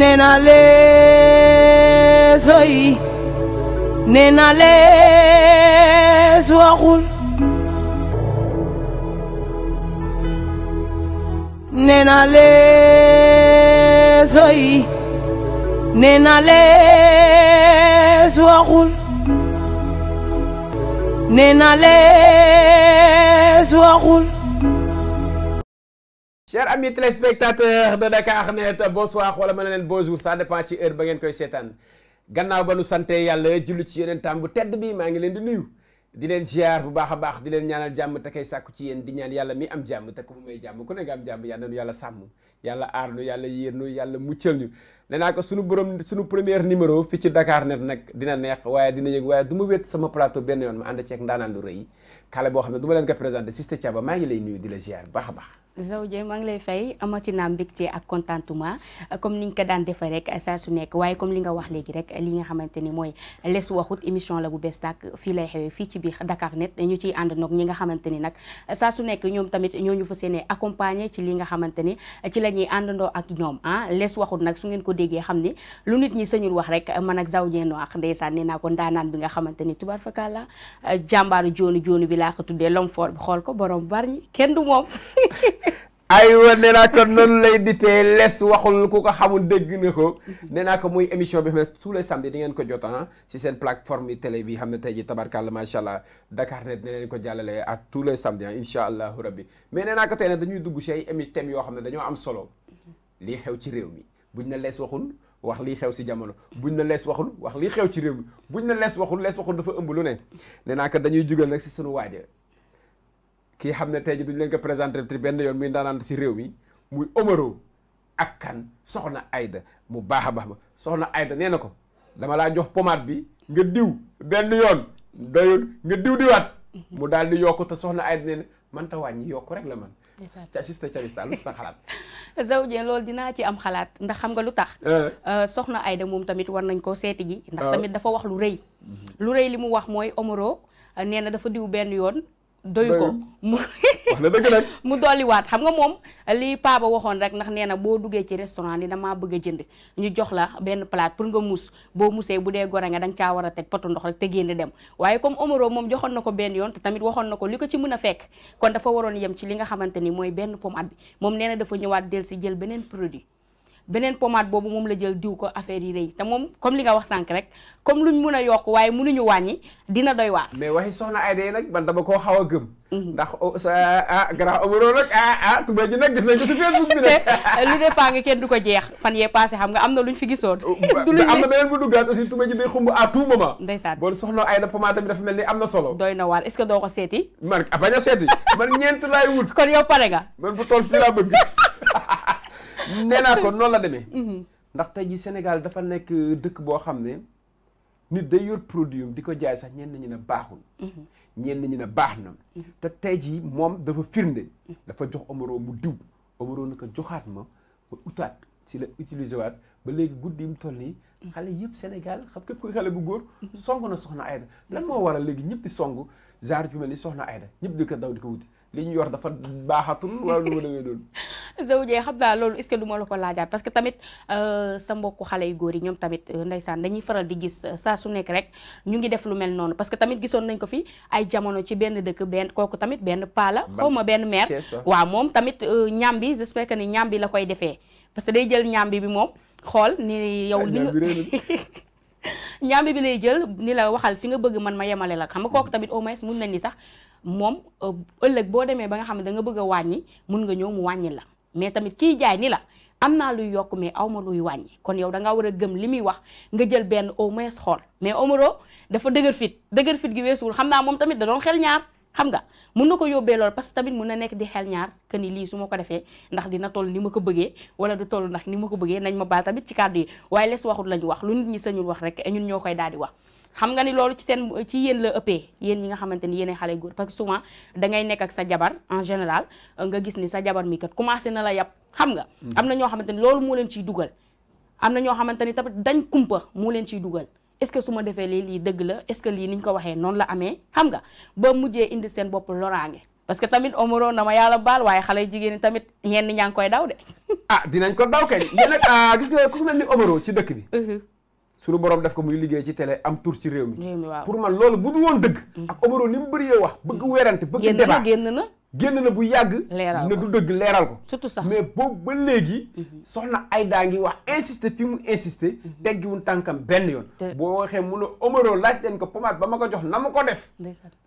nee naa lees way ne naa lees waxul nee naa lees lees waxul nee chers amis téléspectateurs de Dakarnet bonsoir wala ma ne leen bonjour ça dépend ci heure ba ngeen koy seetaan gannaaw ba nu sante yàlla jullu ci yeneen tam bu tedd bi maa ngi leen di nuyu di leen ziar bu baax a baax di leen ñaanal jàmm te kay sàkku ci yéen di ñaan yàlla mi am jàmm te ku mu may jàmm ku ne nga am jàmm yàlla nu yàlla sàmm yàlla aar nu yàlla yéer nu yàlla muccal ñu nee naa ko suñu borom suñu a baax Zawdié maa su nekk ñoom tamit ñoo ñu fas yéene ci li nga xamante ci la ñuy àndandoo ak ñoom ah les waxut nag su ngeen ko déggee xam ne lu nit ñi sañul wax rek man ak Zaw Dieng wax ndeysaan nee naa ko ndaanaan bi nga xamante ni tubaar fakala jàmbaaru joonu joonu bi laa ko tuddee l'homme fort bi xool ko borom barñi kenn du moom aywa nee naa ko noonu lay ditee les waxul ku ko xamul dégg na ko mhm. nee naa ko muy émission bi xam ne tous les samedis di ngeen ko jot ah si seen plateforme télé bi xam ne tey ji tabarkàlla macha allah Dakar net ne leen ko jàllale ak tous les samedis ah incha allahu rabbi mais nee naa ko tey nag dañuy dugg si ay yoo xam ne dañoo am solo mhm. lii xew buñ na lees waxul wax lii xew si jamono buñ na lees waxul wax lii xew ci réew mi buñ na lees waxul lees waxul dafa ëmb lu ne nee dañuy jugal nag si suñu waaja kii xam ne tey ji duñ leen ko présenté te benn yoon muy ndaanaan si réew mi muy Omaro ak kan soxna ayda mu baax a baax ma soxna Aida nee na ko dama laa jox pommade bi nga diw benn yoon doyul nga diw diwaat mu daal di yokk te soxna Aida nee na man ta yokk rek la man si spécialiste lu sa xalaat Zawdié loolu dinaa ci am xalaat ndax xam nga lu tax euh. Euh, soxna Aida moom tamit war nañ koo seeti ji ndax euh. tamit dafa wax lu rëy mhm. lu rëy li mu wax mooy Omaro nee na dafa diw benn yoon doyu ko mu mu dolliwaat xam nga moom li papa waxoon rek ndax nee na boo duggee ci restaurant ni damaa bëgg a jënd ñu jox la benn plat pour nga mus boo musee bu dee gore nga danga caa war a teg potu ndox rek te génn dem waaye comme Omaro moom joxoon na ko benn yoon te tamit waxoon na ko li ko ci mën a fekk kon dafa waroon yem ci li nga xamante ni mooy benn pomme at bi moom nee dafa ñëwaat del si jël beneen produit beneen pommade boobu moom la jël diw ko affaire yi rëy te moom comme li nga wax sànq rek comme luñ mun a yokk waaye mënuñu wàññi dina doy waar. mais a gëm. Mhm. ndax oh, ah grand Omaro ah, ah, ji ne faa nga kenn du ko jeex fan yee passé na luñ fi gisoon. Oh, du am na beneen bu duggaat aussi mel ni am na solo. doy na waar est-ce que doo ko seeti. man bañ a seeti man ñeent laay wut. kon yow pare nga. man bu tool fii laa bëgg nee naa ko noonu la demee. Mhm. ndax tey jii Sénégal dafa nekk dëkk boo xam ne nit day yor produit di ko jaay sax ñenn ñi ne baaxul. Mhm. ñenn ñi ne baax na. Mhm. te tey jii moom dafa firnde. dafa jox Omaro mu diw Omaro na ko joxaat ma ma utaat si la utiliser waat ba léegi guddi mu toll nii. xale yëpp Sénégal xam képp kuy xale bu góor song na soxna Aida lan moo waral léegi ñëpp di song genre ju mel ni soxna Aida ñëpp di ko ñu yor dafa baaxatul wala lu ma demee naa loolu est-ce que du ma la ko laajaat parce que tamit euh, sa mbokku xale yu góor yi ñoom tamit euh, ndeysaan dañuy faral di gis euh, saa su nekk rek ñu ngi def lu mel noonu parce que tamit gisoon nañ ko fi ay jamono ci benn dëkk benn kooku tamit benn paala xaw ma benn maire waa moom tamit ñaam bi j'espère que ni ñam bi la koy defee parce que day jël ñaam bi moom xool ni yow li nga ñaambi bi lay jël ni la waxal fi nga bëgg man ma yemale la xam nga kooku mm. tamit au moins mun na ni sax moom euh, ëllëg boo demee ba nga xam ne da nga bëgg a wàññi mun nga ñëw mu wàññi la mais tamit kii jaay ni la am naa luy yokk mais aw ma luy wàññi kon yow da ngaa war a gëm li muy wax nga jël benn au moins xool mais Omaro dafa dëgër fit dëgër fit gi weesuwul xam naa moom tamit da doon xel ñaar xam nga mun na ko yóbbee loolu parce que tamit mun na nekk di xel ñaar que ni lii su ma ko defee ndax dina toll ni ma ko bëggee wala du toll ndax ni ma ko bëggee nañ ma baal tamit ci kàddu yi waaye les waxut lañu wax lu nit ñi sañul wax rek ñun ñoo koy daal di wax xam nga ni loolu ci seen ci yéen la ëppee yéen ñi nga xamante ni yéen xale góor parce que souvent dangay nekk ak sa jabar en général nga gis ni sa jabar mii kat commencé na la yàpp xam nga mm. am na ñoo xamante ni loolu moo leen ciy dugal am na ñoo xamante ni tamit dañ kumpa moo leen ciy dugal est-ce que su ma defee lii lii dëgg la est-ce que lii niñ ko waxee noonu la amee xam nga ba mujjee indi seen bopp loraange parce que tamit omoro na ma yàlla baal waaye xale jigéen ñi tamit ñenn ñaa ngi koy daw de. ah dinañ ko daw kañ yéen nag ah, gis nga ku mel ni omoro ci dëkk bi. Mm-hmm. suñu borom def ko muy liggéey ci télé am tour ci réew mi. pour man loolu bu du woon dëgg. Mm. ak omoro li mu bëri wax bëgg mm. weerante bëgg. débat génn na génn na bu yàgg. leeral ko ne du dëgg leeral ko. surtout sax mais boobu ba léegi. Mhm. soxna Aida ngi wax insister fi mu insisté insister. Mhm. teggiwul tànkam benn yoon. boo waxee mu a Omaro laaj leen ko pommade ba ma ko jox na ma ko def.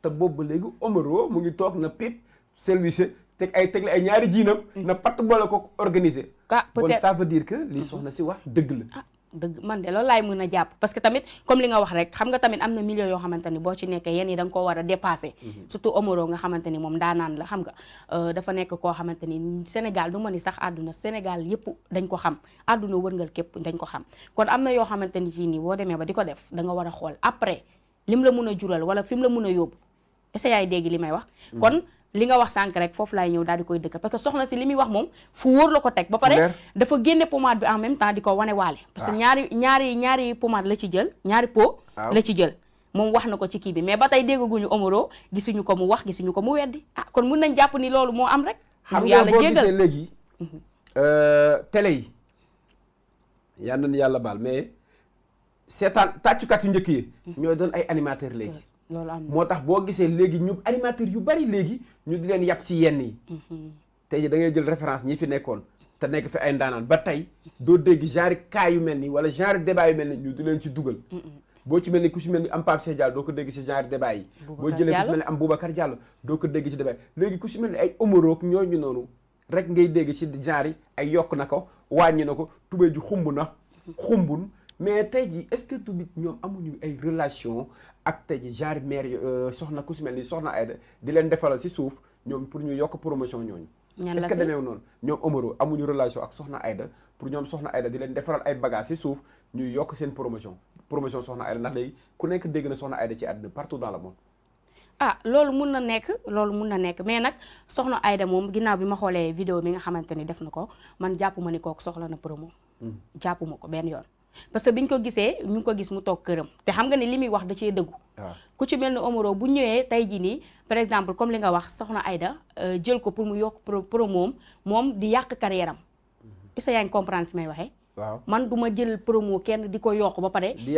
te boobu ba léegi Omaro mu ngi toog na pip service teg ay tegle ay ñaari jiinam. Mhm. na patt boole ko organiser. ah peut-être kon ça veut dire que li soxna si wax dëgg la. Ah. dëgg man de loolu lay mën a jàpp parce que tamit comme li nga wax rek xam nga tamit am na millions yoo xamante ni boo ci nekkee yenn yi da nga koo war a dépassé mhm. surtout Omaro nga xamante ni moom daanaan la xam nga euh, dafa nekk koo xamante ni Sénégal du ma ni sax àdduna Sénégal yëpp dañ ko xam àdduna wërngal képp dañ ko xam kon am na yoo xamante ni ci nii boo demee ba di ko def danga war a xool après lim la mun a jural wala fi mu la mun a yóbbu est-ce que yaay dégg li may wax mhm. kon li nga wax sànq rek foofu laay ñëw daal di koy dëkk parce que soxna si li muy wax moom fu wóor la ko teg ba pare dafa génne pommade bi en même temps di ko wane waale ah. parce que ñaari ñaari ñaari pommade la ci jël ñaari po la ci jël moom wax na ko ci kii bi mais ba tey déggaguñu Omaro gisuñu ko mu wax gisuñu ko mu weddi ah kon mun nañ jàpp ni loolu moo am rek xam nga boo gisee léegi mhm. euh, télé yi yal nañu yàlla baal mais seetaan tàccukat yu njëkk yi mhm. ñooy doon ay animateur léegi moo tax boo gisee léegi ñu animateur yu bari léegi ñu di leen yàpp ci yenn yi mhm. tey dangay jël référence ñi fi nekkoon te nekk fi ay ndaanaan ba tey doo dégg genre cas yu mel nii wala genre débat yu mel ni ñu di leen ci dugal mhm. boo ci mel ni ku si mel ni am Pape Cheikh Diallo doo ko dégg ci genre débat yi boo jëlee ku si mel ni am Boubacar Diallo doo ko dégg ci débat yi léegi ku si mel ni ay ñoo ñu noonu rek ngay dégg ci genre yi ay yokk na ko wàññi na ko tubéy ji xumb na xumbun mais tey jii est-ce que tamit ñoom amuñu ay relation ak tey jii genre maire euh, soxna ku si mel ni soxna ayda di leen defaral si suuf ñoom pour ñu yokk promotion ñooñu. est-ce que demeewu noonu amuñu relation ak soxna Aida pour ñoom soxna Aida di leen defaral ay bagages si suuf ñuy yokk seen promotion promotion soxna Aida ndax léegi ku nekk dégg na soxna Aida ci àddina partout dans le monde. ah loolu mun na nekk loolu mun na nekk mais nag soxna ayda moom ginnaaw bi ma xoolee vidéo mi nga xamante ni def na ko man jàpp ma ni kook soxla na promo. Hmm. jàppuma ko benn yoon. parce que bi ñu ko gisee ñu ngi ko gis mu toog këram te xam nga ne li muy wax da cee dëggu ah. ku ci mel ni Omaro bu ñëwee tey jii nii par exemple comme li nga wax soxna ayda euh, jël ko pour mu yokk promoom moom moom di yàq carrière am isa mm-hmm. yaa ngi comprendre fi may waxee waaw man du ma jël promo kenn di ko yokk ba pare di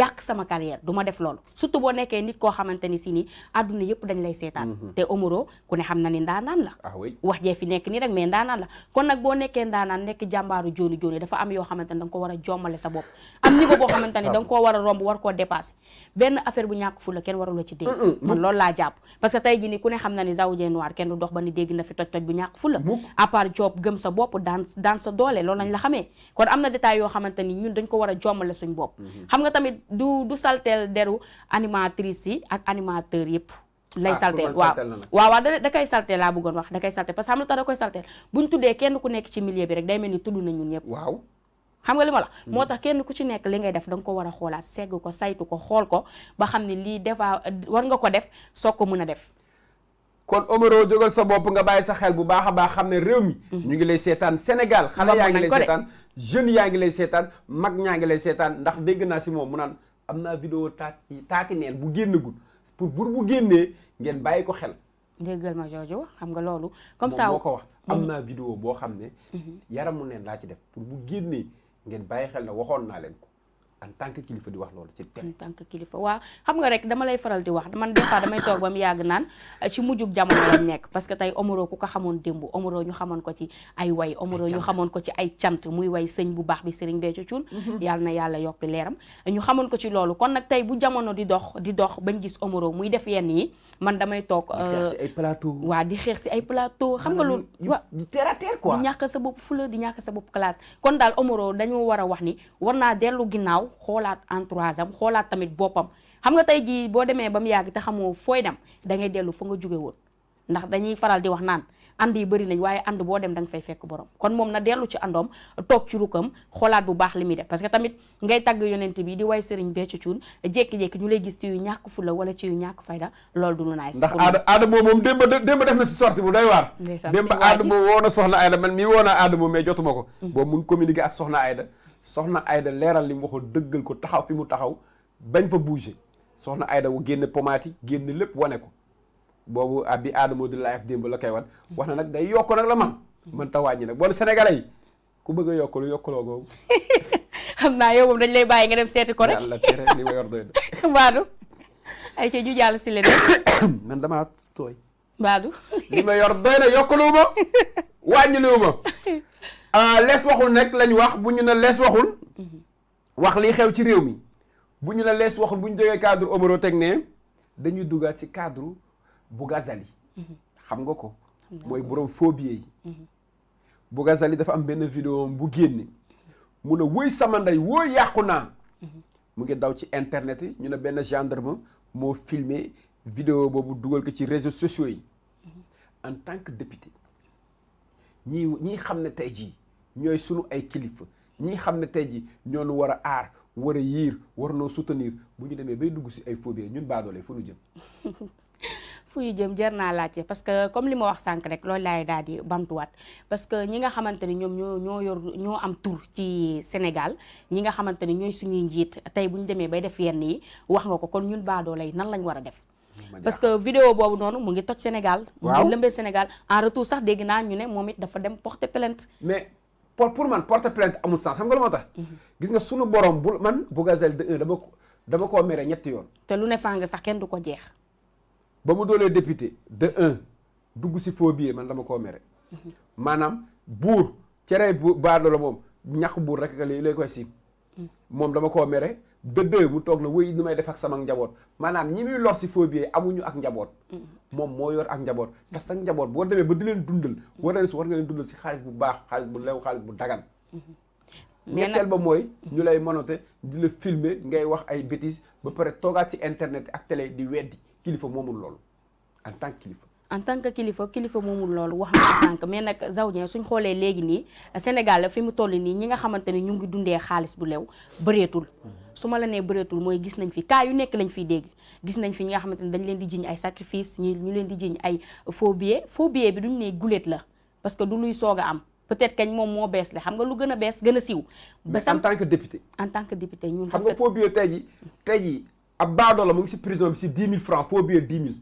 yàq sama carrière du ma def loolu surtout boo nekkee nit koo xamante ni si ni adduna yëpp dañ lay seetaan mhm. te Omaro ku ne xam na ni ndaanaan la ah wax jee nekk nii rek mais ndaanaan la kon nag boo nekkee ndaanaan nekk jàmbaaru jooni jooni dafa am yoo xamante ni da nga war a jommale sa bopp am niveau boo koo war a romb war koo dépassé benn affaire bu ñàkk fu la kenn warula ci dégg man loolu laa jàpp parce que tey jii ni ku xam na ni Zawdié Noir kenn du dox ba ni dégg na fi toj toj bu ñàkk fu la à part job gëm sa bopp daan sa doole loolu lañ la xamee am na détails yoo xamante ni ñun dañ ko war a jommale suñ bopp mhm. xam nga tamit du salteel deru animatrice yi ak animateur yëpp lay ah, salteel waaw waaw da da koy salteel laa bëggoon wax da koy salteel parce que xam nga tax da koy salteel buñ tuddee kenn ku nekk ci milieu bi rek day mel ni tudd na ñun ñëpp waaw xam nga li ma la mhm. moo tax kenn ku ci nekk li ngay def danga ko war a xoolaat segg ko saytu ko xool ko ba xam ne lii defa war nga ko def soo ko mun a def kon Omaro jógal sa bopp nga bàyyi sa xel bu baax a baax xam ne réew mi. Mm-hmm. ñu ngi lay seetaan Sénégal xale yaa ngi lay seetaan jeunes yaa ngi lay seetaan mag ñaa ngi lay seetaan ndax dégg naa si moom mu naan am naa vidéo taati taati neen bu génnagul pour bur bu génnee ngeen bàyyi ko xel. déggal ma jooju xam nga loolu. comme ça moo ko wax mm-hmm. am naa vidéo boo xam ne. Mm-hmm. yaramu neen laa ci def pour bu génnee ngeen bàyyi xel ne waxoon naa leen ko. en tant kilifa di wax loolu ci télé. en tant que kilifa waaw xam nga rek dama lay faral di wax man des fois damay toog ba yàgg naan eh, ci mujjug jamono lañ nekk parce que tey Omaro ku ko xamoon démb omoro ñu xamoon ko ci ay way omoro ñu xamoon ko ci ay cant muy way sëñ bu baax bi Serigne Béthio Thioune mhm. yàlla na yàlla yokki leeram ñu xamoon ko ci loolu kon nag tey bu jamono di dox di dox bañ gis omoro muy def yenn yi man damay toog. di xeex si euh, ay plateau. waa di xeex si ay plateau xam nga loolu. wa terre à terre quoi. di ñàkk sa bopp fula di ñàkk sa bopp classe. kon daal Omaro dañoo war a wax ni war naa dellu ginnaaw xoolaat entourage am xoolaat tamit boppam xam nga tey jii boo demee ba mu yàgg te xamoo fooy dem da ngay dellu fa nga jóge woon ndax dañuy faral di wax naan and yi bëri nañ waaye ànd boo dem da fay fekk borom kon moom na dellu ci àndoom toog ci rukkam xoolaat bu baax li muy def parce que tamit ngay tàgg yonent bi di way sëriñ beccu cuun jékki-jékki ñu lay gis ci yu ñàkk fula wala ci yu ñàkk fayda loolu du lu naay ndax aada aada boobu moom démb démb def na si sorti bu doy waar woo na soxna Ayda man mii woo naa aada moom mais jotuma ko mm-hmm. boobu mun communiquer ak soxna Ayda soxna Ayda leeral li mu waxoon dëggal ko taxaw fi mu taxaw bañ fa bouger soxna Ayda génn pomaati génn lépp wane ko boobu ab bi aadamoo di live démb la koy wan wax na nag day yokk nag la man mën ta wàññi nag bon sénégalais ku bëgg a yokkalu yokkaloo googu xam naa yow moom dañ lay bàyyi nga dem seeti ko rek yàlla tere li ma yor doy baadu ay ca ju jàll si leneen man damaa tooy ma yor doy na yokkalu ma wàññilu ma lees ah, waxul nag lañ wax bu ñu ne lees waxul wax lii xew ci réew mi bu ñu ne lees waxul bu ñu jógee cadre homoro teg ne dañuy dugaat ci cadre Boughazali mhm. xam nga ko mooy borom phobie yi mhm. Boughazali dafa am benn vidéo bu génne mhm. mu ne wóoy sama ndey woo yàqu naa mu ngi daw ci internet yi ñu ne benn gendre gendarme moo filmé vidéo boobu dugal ko ci réseaux sociaux yi en tant que député ñi ñi xam ne tey jii ñooy sunu ay kilifa ñi xam ne tey jii nu war a aar war a yiir war noo soutenir bu ñu demee bay dugg si ay phobie ñun baadoole fu nu jëm fu ñu jëm jar naa laajte parce que comme li ma wax sànq rek loolu laay daal di bantuwaat parce que ñi nga xamante ni ñoom ñoo ñoo ñoo am tur ci Sénégal ñi nga xamante ni ñooy suñuy njiit tey bu ñu demee bay def yenn yi wax nga ko kon ñun baadoo lay nan lañ war a def. parce que vidéo boobu noonu mu ngi toj Sénégal. waaw mu ngi lëmbee Sénégal en retour sax dégg naa ñu ne moom it dafa dem porter plainte. mais pour pour man porter plainte amul sax xam nga lu mhm. gis nga sunu borom bul man Bougazel de dama ko dama koo mere ñetti yoon. te lu ne fàng sax kenn du ko jeex ba mu doolee député de un dugg si faux billet man dama koo mere maanaam buur cere bu baado la moom ñax buur rek lay lay koy siim moom dama koo mere de deux mu toog na wéy nu may def ak sama njaboot maanaam ñi muy lor si faux billet amuñu ak njaboot moom moo yor ak njaboot te sa njaboot boo demee ba di leen dundal war na su war nga leen dundal si xaalis bu baax xaalis bu lew xaalis bu dagan ñetteel ba mooy ñu lay monote di la filmer ngay wax ay bêtises ba pare toogaat si internet ak télé di weddi kilifa moomul loolu en tant que kilifa. en kilifa moomul loolu wax nga sànq mais nag Zawdieng suñ xoolee léegi nii Sénégal fi mu toll nii ñi nga xamante ne ñu ngi dundee xaalis bu lew bëreetul. su ma la nee bëreetul mooy gis nañ fi cas yu nekk lañ fiy dégg gis nañ fi ñi nga xamante ne dañ leen di jiñ ay sacrifice ñu ñu leen di jiñ ay faux billets faux billet bi duñ ne guléet la parce que du luy soog am. peut-être kañ moom moo bees la xam nga lu gën a bees gën a siiw. ba en tant ab baadoola mu ngi si prison bi si dix mille francs faux billet dix mille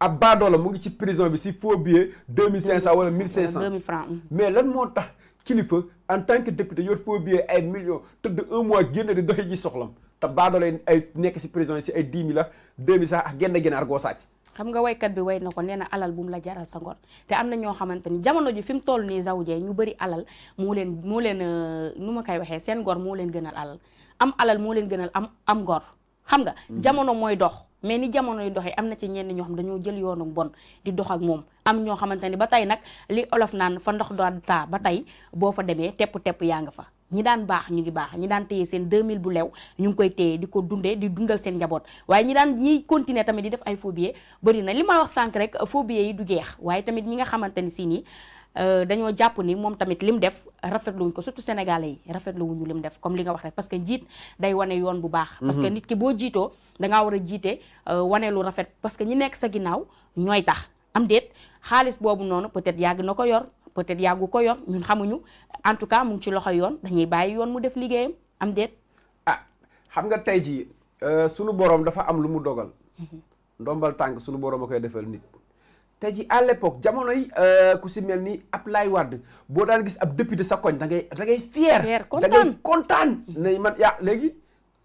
ab baadoola mu ngi ci prison bi si faux billet deux mille cinq cent wala mille cinq cent mm. mais lan moo tax kilifa en tant que député yor faux billet ay millions tëdd un mois génn di doxi ji soxlam te baadoola ay nekk si prison si ay dix mille ak deux mille cent ak genn ginaar goo xam nga waykat bi way na ko nee na alal bu la jaral sa ngor te am na ñoo xamante ni jamono ji fi mu toll nii zawjee ñu bëri alal moo leen moo leen euh, nu ma koy waxee seen ngor moo leen gënal alal am alal moo leen gënal am am ngor xam nga jamono mooy dox mais ni jamono yu yi am na ci ñenn ñoo xam dañoo jël yoonu bon di dox ak moom am ñoo xamante ni ba tey nag li olof naan fa ndox doon taa ba tey boo fa demee tepp tepp yaa nga fa ñi daan baax ñu ngi baax ñi daan téye seen mille bu lew ñu ngi koy téye di ko dundee di dundal seen njaboot waaye ñi daan ñiy continuer tamit di def ay faux barina li ma wax sànq rek faux yi du geex waaye tamit ñi nga xamante ni si nii Euh, dañoo jàpp ni moom tamit lim def rafetlu wuñ ko surtout sénégalais yi rafetlu wuñu lim def comme li nga wax rek parce que njiit day wane yoon bu baax. parce que mhm. nit ki boo jiitoo dangaa war a jiite euh, wane lu rafet parce que ñi nekk sa ginnaaw ñooy tax am déet xaalis boobu noonu peut-être yàgg na ko yor peut-être yàggu ko yor ñun xamuñu en tout cas mu ngi ci loxo yoon dañuy bàyyi yoon mu def liggéeyam am déet. ah xam nga tey jii euh, sunu borom dafa am lu mu dogal. Mhm. ndombal tànk sunu borom a koy defal nit. tey ji à l'époque jamono yi euh, ku si mel ni Ablaye wadd boo daan gis ab député sa koñ da ngay da ngay fier da ngay kontaan ne man yaa léegi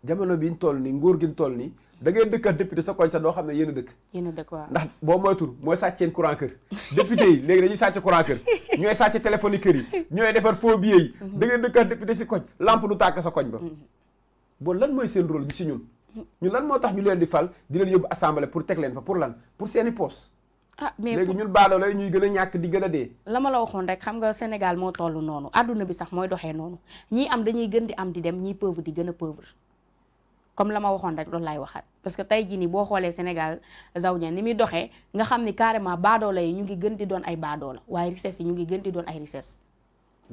jamono bi ñu toll nii nguur gi toll nii da ngay dëkkal député sa koñ sax doo xam ne yéen dëkk yéen a dëkk ndax boo moytul mooy sàcc seen courant kër député yi léegi dañuy sàcc courant kër ñooy sàcc téléphone yi kër yi ñooy defar faux billets yi mhm. da ngay dëkkal député si koñ lampe du tàkk sa koñ ba mhm. bon lan mooy seen rôle bi si ñun mhm. ñun lan moo tax ñu leen di fal dina leen yóbbu assemblée pour teg leen fa pour lan pour seeni ah mais léegi ñun baadoo lay ñuy gën ñàkk di gën a dee. la ma la waxoon rek xam nga Sénégal moo toll noonu àdduna bi sax mooy doxee noonu ñii am dañuy gën di am di dem ñii pauvre di gën a pauvre comme la ma waxoon rek loolu laay waxaat parce que tey jii nii boo xoolee Sénégal zawña ni muy doxee nga xam ni carrément baadoola yi ñu ngi gën di doon ay baadoola waaye richesse yi ñu ngi gën di doon ay richesse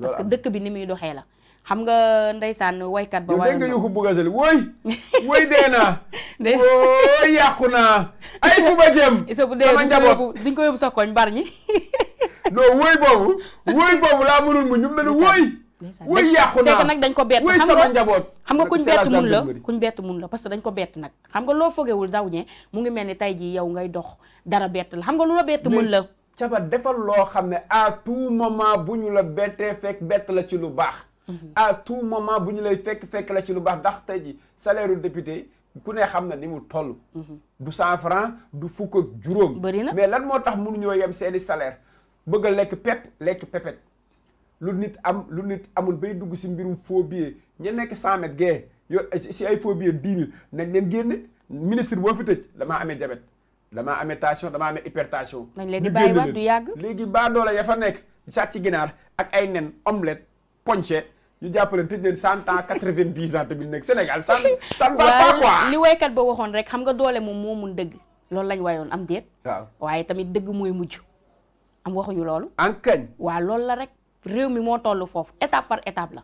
parce que dëkk bi ni muy doxee la xam nga ndeysaan waykat ba. waaye nga yuuxu Bougazelli wooy. wooy dee naa. ndeysaan wooy yàqu naa. ay fu ma jëm. sama njaboot duñ ko yóbbu sa koñ mbar ñi. non wooy boobu. wooy boobu laa mënul mu ñu mel ni wooy. wooy dañ ko bett. wooy sama njaboot xam nga kuñ bett mun la kuñ bett mun la parce que dañ ko bett nag. xam nga loo fogewul zawñe mu ngi mel ni tey jii yow ngay dox dara bett la xam nga lu la bett mun la. cabar defal loo xam ne à tout moment bu ñu la bettee fekk bett la ci lu baax à tout moment bu ñu lay fekk fekk la ci lu baax dax tey ji salaire u député ku ne xam na ni mu toll. du cent franc du fukk ak juróom. bëri na mais lan moo tax mënuñoo yem seeni salaire bëgg lekk pep lekk pepet lu nit am lu nit amul bay dugg si mbirum faux billet ña nekk cent mètres gee si ay faux billet dix mille nañ leen génne ministre boo fi tëj damaa amee jabet damaa amee tension damaa ame hypertension. nañ leen di bàyyiwaat du yàgg léegi baadoola ya fa nekk ci ginaar ak ay nen omelette ponché. ñu jàppale tëj leen cent ans quatre vingt dix ans tamit nekk Sénégal san san li waykat ba waxoon rek xam nga doole moom moo mun dëgg loolu lañ wayoon am déet waaye tamit dëgg mooy mujj am waxuñu loolu en waa waaw loolu la rek réew mi moo toll foofu étape par étape la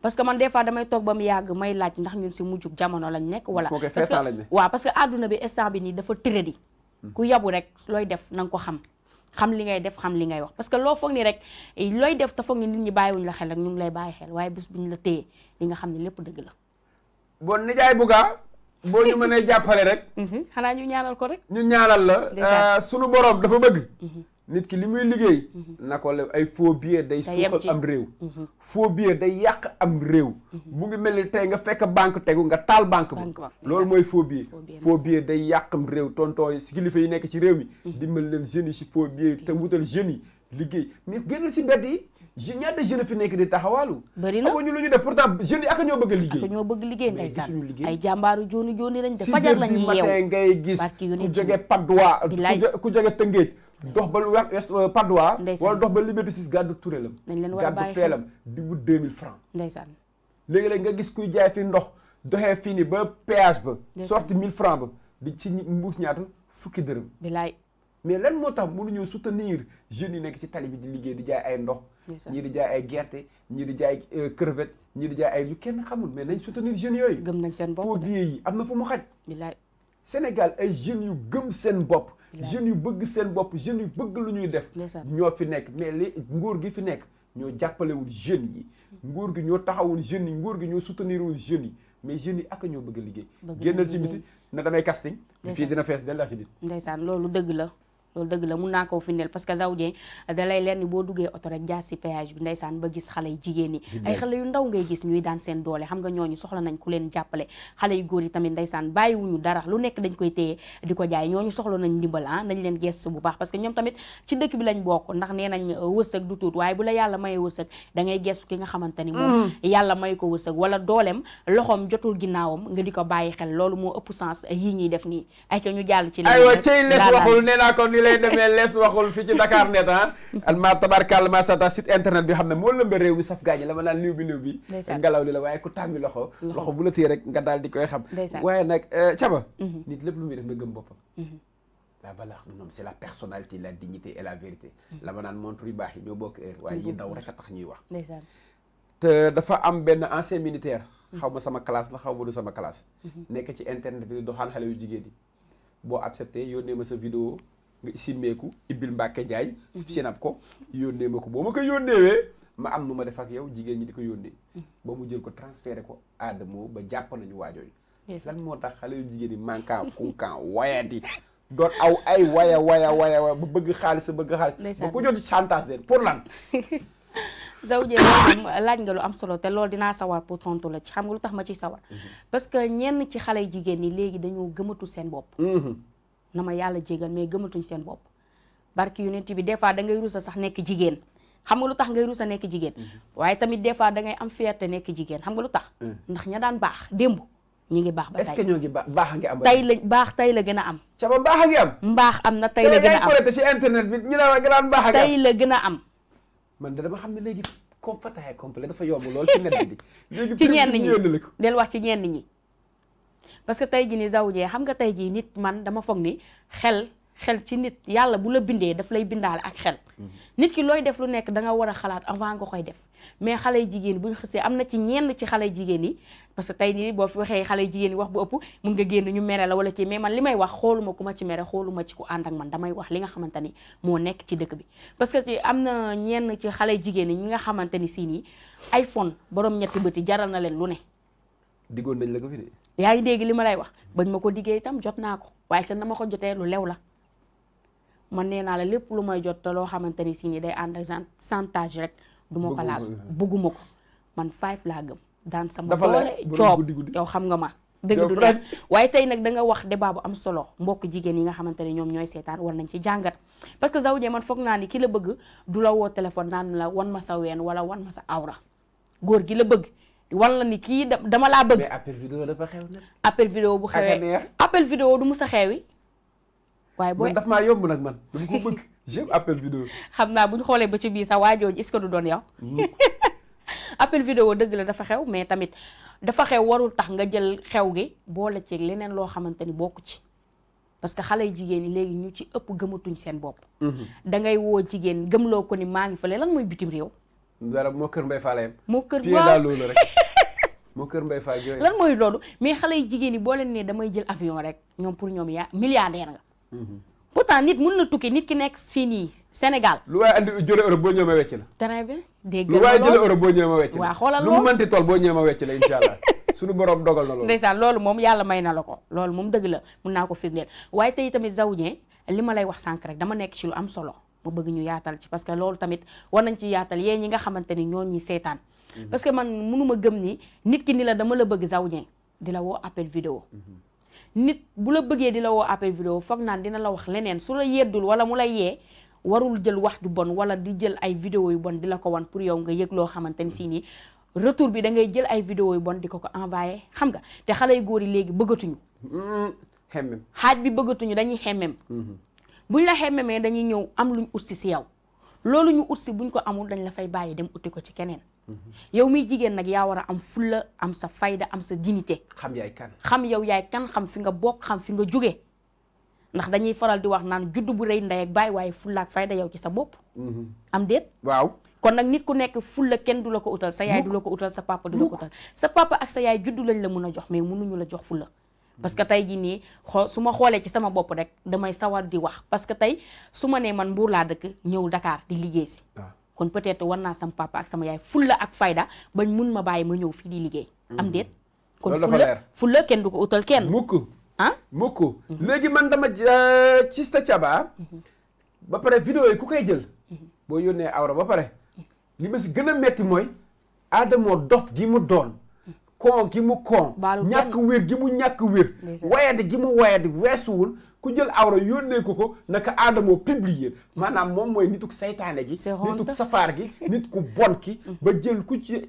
parce que man des fois damay toog ba mu yàgg may laaj ndax ñu si mujjug jamono lañ nekk wala parce que waaw parce que àdduna bi instant bi nii dafa tëradi hmm. ku yabu rek looy def na nga ko xam xam li ngay def xam li ngay wax parce que loo foog ni rek eh, looy def te foog ni nit ñi bàyyiwuñ la xel rek ñu ngi lay bàyyi xel waaye bés bu ñu la téye li nga xam ne lépp dëgg la. bon nijaay Bouga. boo ñu mënee jàppale rek. Mhm. xanaa ñu ñaanal ko rek. ñu ñaanal la. Euh, sunu borom dafa bëgg. Mhm. nit ki li muy liggéey. Mhm. na ko ay faux billets day. suuxal am réew. faux mhm. day yàq am réew. Mhm. mu ngi mel ni tey nga fekk banque tegu nga taal banque bi. lool mooy faux billet. faux billet day yàq am réew tonton yi si yi nekk ci réew mi. dimbali leen jeunes yi si faux billet te wutal jeunes yi liggéey mais génnal si mbedd yi. je ñaata jeune fi nekk di taxawaalu. bëri na amuñu lu a liggéey. ak ñoo bëgg liggéey ndeysaan ay jàmbaaru jooni jooni lañ def. fajar la ñuy yeew ku jóge Padois ku jóge Tëngéej dox ba west euh, Padois wala dox ba Liberté 6 gàddu turelam gàddu teelam di wut 2000 francs ndeysaan léegi-léegi nga gis kuy jaay fii ndox doxee fii nii ba péage ba sorti mille francs ba di ci mbuus ñaata fukki dërëm bilaay mais lan moo tax ñëw soutenir jeunes yi nekk ci tali bi di liggéey di jaay ay ndox ñii di jaay ay gerte ñii di jaay euh, crevette ñii di jaay ay yu kenn xamul mais nañ soutenir jeunes yooyu gëm nañ seen bopp foo biyee yi am na fu mu xaj bilaay Sénégal ay jeunes yu gëm seen bopp jeunes yu bëgg seen bopp jeunes yu bëgg lu ñuy def ñoo fi nekk mais li nguur gi fi nekk ñoo jàppalewul jeunes yi nguur gi ñoo taxawul jeunes yi nguur gi ñoo soutenirwul jeunes yi mais jeunes yi ak ñoo bëgg liggéey génnal si biti na damay casting fii dina fees del axi dit ndeysaan loolu dëgg la loolu dëgg la mun naa koo findeel parce que Zaw Dieng da lay leer ni boo duggee oto rek jaar si péage bi ndeysaan ba gis xale yu jigéen ñi ay xale yu ndaw ngay gis ñuy daan seen doole xam nga ñooñu soxla nañ ku leen jàppale xale yu góor yi tamit ndeysaan bàyyiwuñu dara lu nekk dañ koy téye di ko jaay ñoo ñooñu soxla nañ ndimbal ah nañ leen gestu bu baax parce que ñoom tamit ci dëkk bi lañ bokk ndax nee nañ euh, wërsëg du tuut waaye bu la yàlla mayee wërsëg da ngay gestu ki nga xamante ni moom mm. yàlla may ko wërsëg wala dooleem loxoom jotul ginnaawam nga di ko bàyyi xel loolu moo ëpp sens euh, yii ñuy def nii ay ñu jàll ci ni lay demee lees waxul fii ci Dakar net ah. almaa tabarkàlla macha allah site internet bi xam ne moo lëmba réew mi saf la ma naan liw bi la di koy xam. waaye nag caba. Euh, mhm. nit lépp lu muy def nga gëm boppam. Mhm. la mhm. baax yi ñoo bokk heure waaye yi daw rek a tax ñuy wax. te dafa am benn ancien militaire. xaw ma sama classe la xaw ma du sama classe. nekk ci internet bi doxaan xale yu jigéen yi boo accepté yónnee ma sa vidéo nga simmeeku ibbil Mbàkke Njaay mhm. sinab ko yónnee ma ko boo ma ko yónneewee ma am nu ma defak ak yow jigéen ñi di ko yónnee mhm. ba mu jël ko transféré ko aadamoo ba jàpp nañu waajooju lan moo tax xale yu jigéen yi manquant kunkan wayati doon aw ay waya waya waya waya ba bëgg xaalis sa bëgg xaalis ba ko jot chantage leen pour lan Zawdié laaj nga lu am solo te loolu dinaa sawar pour tontu la ci xam nga lu tax ma ci sawar mhm. parce que ñenn ci xale jigéen ñi léegi dañoo gëmatu seen bopp na ma yàlla jéegal mais gëmatuñ seen bopp barki yonent bi des fois da ngay rusa sax nekk jigéen xam nga lu tax ngay rusa nekk jigéen mm-hmm. waaye tamit des fois da ngay am fierté nekk jigéen xam nga lu tax mm. ndax ña daan baax démb ñu ngi baax ba tey est-ce baax ngi am tey la baax tey la gën a am a ngi am a am ci a am baax a tey la gën a am man da dama xam ne léegi comme fataay complet dafa yomb lool ci net bi di ci ñenn ñi del wax ci ñenn ñi parce que tey jii ni zawjee xam nga tey jii nit man dama foog ni xel xel ci nit yàlla bu la bindee daf lay bindaale ak xel mhm. nit ki looy def lu nekk da nga war a xalaat avant nga koy def mais xale jigéen bu buñ xësee am na ci ñenn ci xale jigéen yi parce que tey nii boo fi waxee xale jigéen yi wax bu ëpp mun nga génn ñu mere la wala ci mais man li may xooluma ku ma ci mere xooluma ci ku ànd ak man damay wax li nga xamante ni moo nekk ci dëkk bi parce que ci am na ñenn ci xale jigéen yi ñi nga xamante ni sii nii iPhone borom ñetti bëti jaral na leen lu ne diggoon nañ la ko fi de yaa ngi dégg li ma lay wax bañ ma ko diggee itam jot naa ko waaye ca na ma ko jotee lu lew la man nee naa la lépp lu may jot te loo xamante ni si ni day ànd ak chantage rek du ma ko laal bëgguma ko man five laa gëm daan sa sama doole joob yow xam nga ma dëgg du dëgg waaye tey nag da nga wax débat bu am solo mbokk jigéen yi nga xamante ne ñoom ñooy seetaan war nañ ci jàngat parce que Zawdié man foog naa ni ki la bëgg du la woo téléphone naan la wan ma sa ween wala wan ma sa awra góor gi la bëgg wan la ni kii dama laa bëgg. mais appel vidéo dafa xew nag. appel vidéo bu xewee appel vidéo du mus a xewi. waaye booy man daf maa yomb nag man dama ko bëgg j'aime appel vidéo. xam naa bu ñu xoolee ba ci biir sa waajooju est-ce que du doon yow. appel vidéo dëgg la dafa xew mais tamit dafa xew warul tax nga jël xew gi boole ceeg leneen loo xamante ni bokku ci. parce que xale yi jigéen ñi léegi ñu ci ëpp gëmatuñ seen bopp. Mhm. da ngay woo jigéen gëmloo ko ni maa ngi fële lan mooy bitim réew. dara moo kër Mbaye Fall yem. moo kër waaw daal loolu rek moo kër Mbaye Fall yooyu. lan mooy loolu mais xale yi jigéen ñi boo leen nee damay jël avion rek ñoom pour ñoom yaa milliardaire nga. Mhm. pourtant nit mun na tukki nit ki nekk fii nii Sénégal. lu waaye andi jëlee Europe boo ñëwee ma wecci la. très bien dégg lu waaye boo ñëwee ma wecc la. waaw xoolal loolu lu boo ñëwee ma la incha allah suñu borom dogal na loolu. ndeysaan moom yàlla may na la ko loolu moom dëgg la mun naa ko firndeel waaye tey tamit zawuñee li ma lay wax sànq rek dama nekk si lu am solo ma bëgg ñu yaatal ci parce que loolu tamit war nañ ci yaatal yee ñi nga xamante ni ñoo ñi seetaan mhm. parce que man mënuma gëm ni nit ki ni la dama la bëgg zawñe di la woo appel vidéo mhm. nit bu la bëggee di la woo appel vidéo foog naan dina la wax leneen su la yeddul wala mu lay yee warul jël wax ju bon wala di jël ay vidéo yu bon di la ko wan pour yow nga yëg loo xamante ni si nii retour bi dangay ngay jël ay vidéo yu bon di ko ko envoyé xam nga te xale yu góor yi léegi bëggatuñu mm, bi bëggatuñu dañuy xemmem mhm. buñ la mais dañuy ñëw am luñ ut si si yow loolu ñu ut si buñ ko amul dañ la fay bàyyi dem uti ko ci keneen mhm. yow mi jigéen nag yaa war a am fulla am sa fayda am sa dignité xam yaay xam yow yaay kan xam fi nga bokk xam fi nga jóge ndax dañuy faral di wax naan judd bu rëy ndey ak bàyyi waaye fulla ak fayda yow ci sa bopp mhm. am déet waaw kon nag nit ku nekk fulla kenn du la ko utal sa yaay du la ko utal sa papa du la ko utal sa papa ak sa yaay judd lañ la mun a jox mais mënuñu la jox fulla parce que tey jii nii su ma xoolee ci sama bopp rek damay sawar di wax parce que tey su ma nee man Mbour laa dëkk ñëw dakaar di liggéey si. Ah. kon peut-être war naa sama papa ak sama yaay fulla ak fayda bañ mun ma bàyyi ma ñëw fii di liggéey. Mhm. am déet kon fulla fulla kenn du ko utal kenn. mukk ah mukk mhm. léegi man dama euh, ci sa mhm. ba pare vidéo yi ku koy jël. boo yónnee awra ba pare. li ma si gën a metti mooy aadamoo dof gi mu doon. kon gi mu kon ñàkk weer gi mu ñàkk wér wayadi gi mu wayadi weesuwul ku jël awra yónnee ko ko naka aadamoo publier mm-hmm. maanaam moom mooy nituk saytaane gi nituk safaar gi nit ku bon ki mm-hmm. ba jël ku ci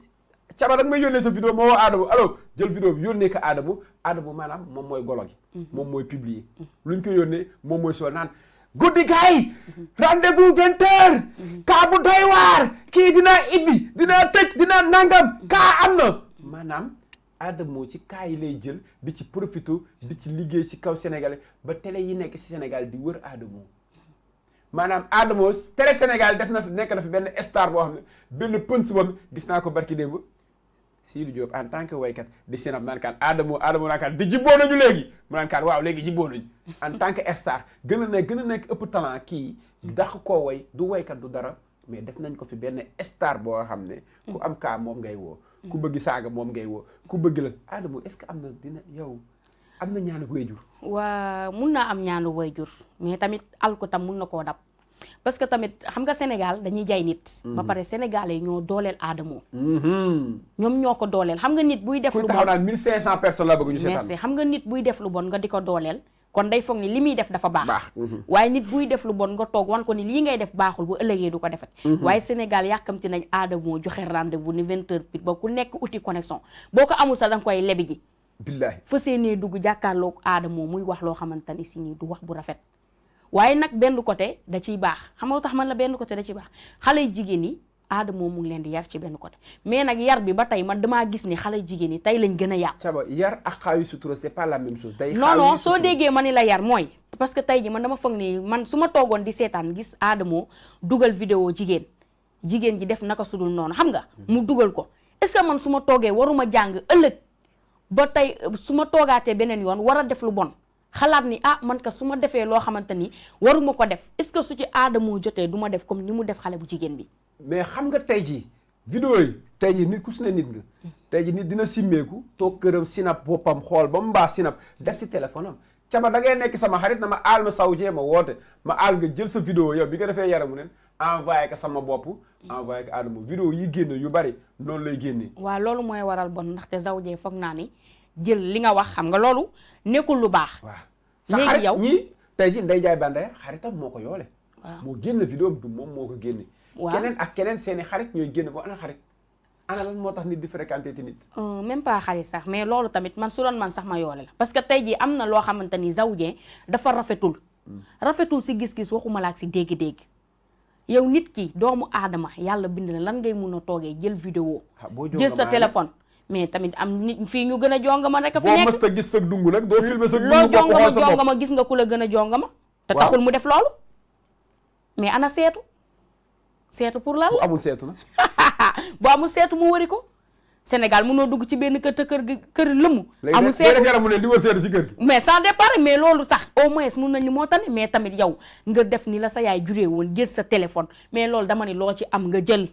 caba rek may yónnee sa vidéo moo woo aadamo alors jël vidéo bi yónnee ko aadamo aadamo moom mooy golo gi mm-hmm. moom mooy publier luñ ko yónnee moom mooy soo naan guddi gaay rendez-vous vingt heures kaa bu doy waar kii dinaa ibbi dinaa tëj dinaa nangam kaa am na maanaam Adamo ci cas yi lay jël di ci profito di ci liggéey ci kaw Sénégal ba télé yi nekk si Sénégal di wër Adamo maanaam Adamo télé Sénégal def na fi nekk na fi benn star boo xam ne benn pënc boobu gis naa ko barki démb Sidy Diop en tant que waykat di seenam naan kaan Adamo Adamo naan di jibboo nañu léegi mu waaw léegi jibboo nañu en tant que star gën a gën a nekk ëpp talent kii dax koo way du waykat du dara mais def nañ ko fi benn star boo xam ne ku am kaa moom ngay woo ku bëgg saaga moom ngay woo ku bëgg lan Adamo est-ce que am na dina yow am na ñaanu wayjur waa mun naa am ñaanu wayjur mais tamit alko tam mun na koo dab parce que tamit xam nga Sénégal dañuy jaay nit ba mhm. pare Sénégalais yi ñoo dooleel Adamo mhm. ñoom ñoo ko dooleel xam nga nit buy def lu bon taxaw naan mille cinq cent personnes la bëgg ñu seetaan merci xam nga nit buy def lu bon nga di ko dooleel kon day foog ni li muy def dafa baax mhm. waaye nit buy def lu bon nga toog wan ko ni lii ngay def baaxul bu ëllëgee du ko defet mhm. waaye Sénégal yàkkamti nañ aada moo joxe rendez-vous ni vingt heures pile ba ku nekk uti connexion boo ko amul sa da koy lebi ji fa seenee dugg jàkkaarloo aada moo muy wax loo xamante ni si nii du wax bu rafet waaye nag benn côté da ciy baax xam nga tax man la benn côté da ciy baax xale yi jigéen yi aada moom mu ngi leen di yar ci benn côté mais nag yar bi ba tey man damaa gis ni xale jigéen ñi tey lañ gën a yàq. Thiaba yar ak xaawi sutura c'est pas la même chose. tey soo déggee ma ni la yar mooy. parce que tey ji man dama foog ni toogoon di seetaan gis aada dugal vidéo jigéen jigéen ji def naka sudul noonu xam nga. mu dugal ko est man su ma toogee waruma jàng ëllëg ba tey su ma toogaatee beneen yoon war a def lu xalaat ni ah man ka su ma defee loo xamante ni waruma ko def est-ce que su ci aada moo jotee duma def comme ni mu def xale bu jigéen bi mais xam nga tey jii vidéo yi tey jii nit ku su ne nit nga tey jii nit dina simmeeku toog këram sinap boppam xool ba mu mbaa sinap def si téléphone am cama da ngay nekk sama xarit na ma aal ma sawjee ma woote ma aal nga jël sa vidéo yow bi nga defee yaramu nen envoyé ko sama bopp envoyé ko Adama vidéo yi génn yu bari noonu lay génnee waa loolu mooy waral bon ndaxte zawjee foog naa ni jël li nga wax xam nga loolu nekkul lu baax waaw sa xarit yow ñii tey ji nday jaay bandaya xaritam moo ko yoole moo génn vidéo moom moo ko génne waaw keneen ak keneen seeni xarit ñooy génn boo ana xarit ana lan moo tax nit di fréquenté ti nit euh, même pas xarit sax mais loolu tamit man su doon man sax ma yoole la parce que tey jii am na loo xamante ni zawjee dafa rafetul hmm. rafetul si gis-gis waxuma la ak si dégg-dégg yow nit ki doomu aadama yàlla bind na lan ngay mun a toogee jël vidéo ah, jël sa téléphone mais tamit am nit fii ñu gën a jongama rek fi nekk boo mësta gis sag dungu nag doo filmer sag dungu loo jongama jongama gis nga ku la gën a jonga te taxul mu def loolu mais seetu seetu pour lan la amul seetu bu amul seetu mu wari ko Sénégal mënoo dugg ci benn kër te kër gi kër lëmu amul seetu yaram mu ne di wër seetu ci kër mais sans départ mais loolu sax au moins mun nañu moo tane mais tamit yow nga def ni la sa yaay juree woon jël sa téléphone mais loolu dama ni loo ci am nga jël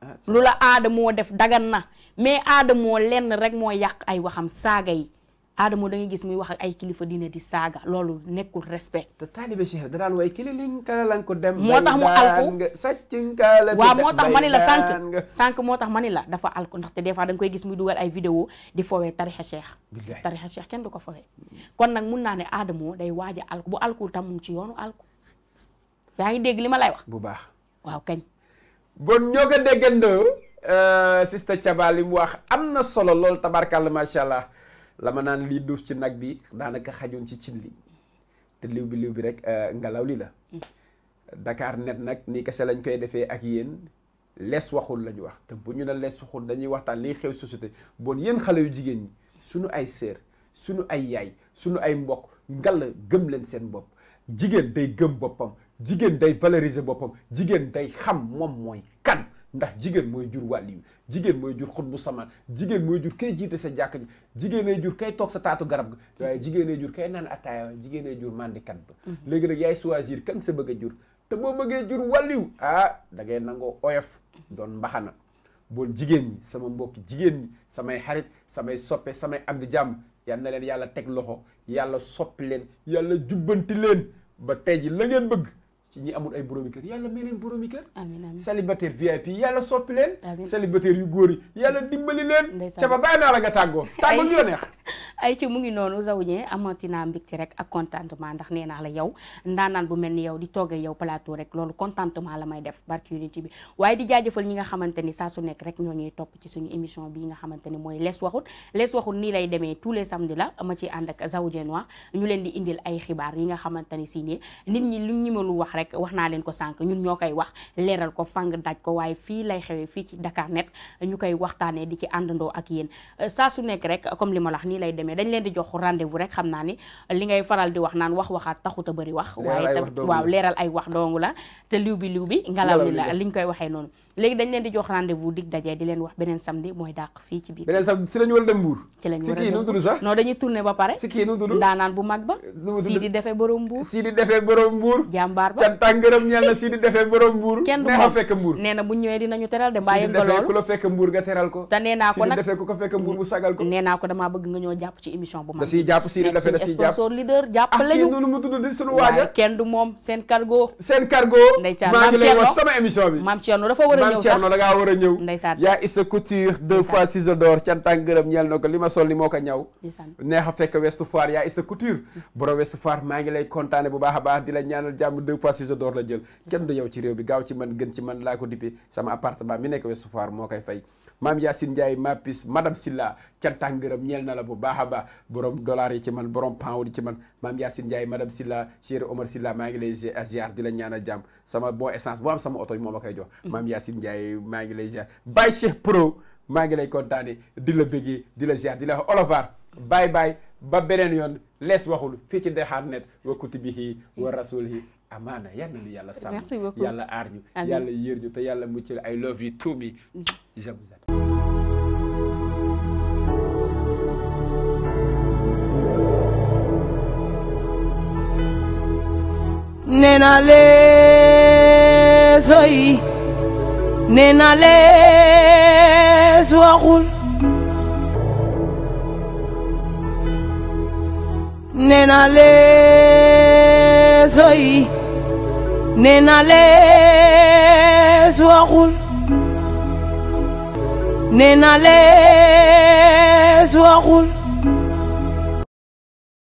ah, lu la aada moo def dagan na mais aada moo lenn rek moo yàq ay waxam saaga yi Adamo da ngay gis muy wax ak ay kilifa diine di saaga loolu nekkul respect. te taalibe Cheikh da daan way dem. moo tax mu la. waaw moo tax ma sànq sànq moo tax ma ni la dafa alku ndaxte des fois da koy gis muy dugal ay vidéo di fowee tarixa Cheikh. tarixa Cheikh kenn du ko fowee. kon nag mun naa ne Adamo day waaj a alku bu alkuwul tam mu ci yoonu alku yaa ngi dégg li ma lay wax. bu baax waaw kañ. bon ñoo ko déggandoo. Euh, sista Thiaba li mu wax am na solo loolu tabarkàlla macha allah. la ma naan lii duuf ci nag bi daanaka xajoon ci cin li te liw bi liw bi rek euh, ngelaw li la Dakar net nag nii kese lañ koy defee ak yéen lees waxul la ñu wax te bu ñu ne lees waxul dañuy waxtaan liy xew société bon yéen xale yu jigéen ñi suñu ay sœur suñu ay yaay suñu ay mbokk ngalla gëm leen seen bopp jigéen day gëm boppam jigéen day valoriser boppam jigéen day xam moom mooy kan ndax jigéen mooy jur wàlliw jigéen mooy jur xut bu sama jigéen mooy jur kay jiite sa jàkk ji jigéen jur kay toog sa taatu garab ga waaye jigéen jur kay naan attaaya jigéen ay jur mandikat ba mhm. léegi nag yaay choisir kan sa bëgg a jur te boo bëggee jur wàlliw ah da ngay nangoo oyof doon mbaxana boon jigéen ñi sama mbokki jigéen samay xarit samay soppe samay am di jàmm yal na leen yàlla teg loxo yàlla soppi leen yàlla jubbanti leen ba tey ji la bëgg ci ñi amul ay boroomi kër yàlla may leen boroomi kër. amiin amiin célibataire VIP yàlla soppi leen. amiin célibataire yu góor yi yàlla dimbali leen. ndeysaan ca ba bàyyi naa la nga tàggoo tàggoo ñu la neex. ay ci mu ngi noonu Zawdié amati naa mbégte rek ak contentement ndax nee naa la yow ndaanaan bu mel ni yow di toogee yow plateau rek loolu contentement la may def barki unité bi waaye di jaajëfal ñi nga xamante ni saa su nekk rek ñoo ñuy topp ci suñu émission bi nga xamante ni mooy lees waxut lees waxut nii lay demee tous les samedis la ma ci ànd ak Zawdié ñu leen di indil ay xibaar yi nga xamante ni si ne nit ñi lu ñu mënul wax rek wax naa leen ko sànq ñun ñoo koy wax leeral ko fang daj ko waaye fii lay xewee fii ci Dakar net ñu koy waxtaanee di ci àndandoo ak yéen saa nekk rek comme li ma la nii lay demee demee dañ leen di jox rendez-vous rek xam naa ni li ngay faral di wax naan wax waxaat taxut a bëri wax waaw leeral ay wax doongu la te liw bi liw bi ngalaw li la liñ koy waxee noonu léegi dañ leen di jox rendez-vous dig dajee di leen wax beneen samedi mooy dàq fii ci biir beneen si a a kii nu tudd sax non dañuy tourné ba pare si kii nu tudd daanaan ba sii di defee borom Mbour sii di defee ba ca tàngërëm ñeel na sii di defee borom Mbour kenn du neexa fekk Mbour nee na bu ñëwee dinañu teral de bàyyi nga lool ku la fekk Mbuur nga teral ko te nee ko nag bëgg nga ñoo jàpp ci émission bu mag da siy jàpp Siri Lafe da siy jàpp sponsor ah, mu tudd di sunu waaja kenn du moom seen cargo seen cargo ndeysaan maa ngi bi maam Thierno dafa war a ñëw a ñëw ndeysaan yaa Issa Couture deux fois ciseau d'or cantaak ngërëm ñeel na ko ma sol ni moo ko ñaw neex a fekk West Foire yaa Issa Couture borom West Foire maa ngi lay kontaane bu baax a baax di la ñaanal jàmm deux fois ciseau d'or la jël kenn du yow ci réew bi gaaw ci man gën ci man laa ko dippe sama appartement mi nekk West Foire moo koy fay maam Yacine Ndiaye Mapis madame Silla cantaan ngërëm ñeel na la bu baax a baax borom dollar yi ci man borom pound yi ci man maam Yacine Ndiaye madame Silla chéri Omar Silla maa ngi lay ziar di la ñaanal jàmm sama bon essence bu am sama oto moom a koy jox mm. maam Yacine Ndiaye maa ngi lay ziar Baye Cheikh Pro maa ngi lay kontaane di la bëggee di la ziar di la wax baay baay ba beneen yoon lees waxul fii ci Ndexaar Net wa kutubihi wa rasulihi amaana yal na nu yàlla sàmm yàlla aar ñu yàlla yër ñu yàlla mucc ay love you too nee naa lees wayi ne naa lees waxul nee ne lees lees waxul nee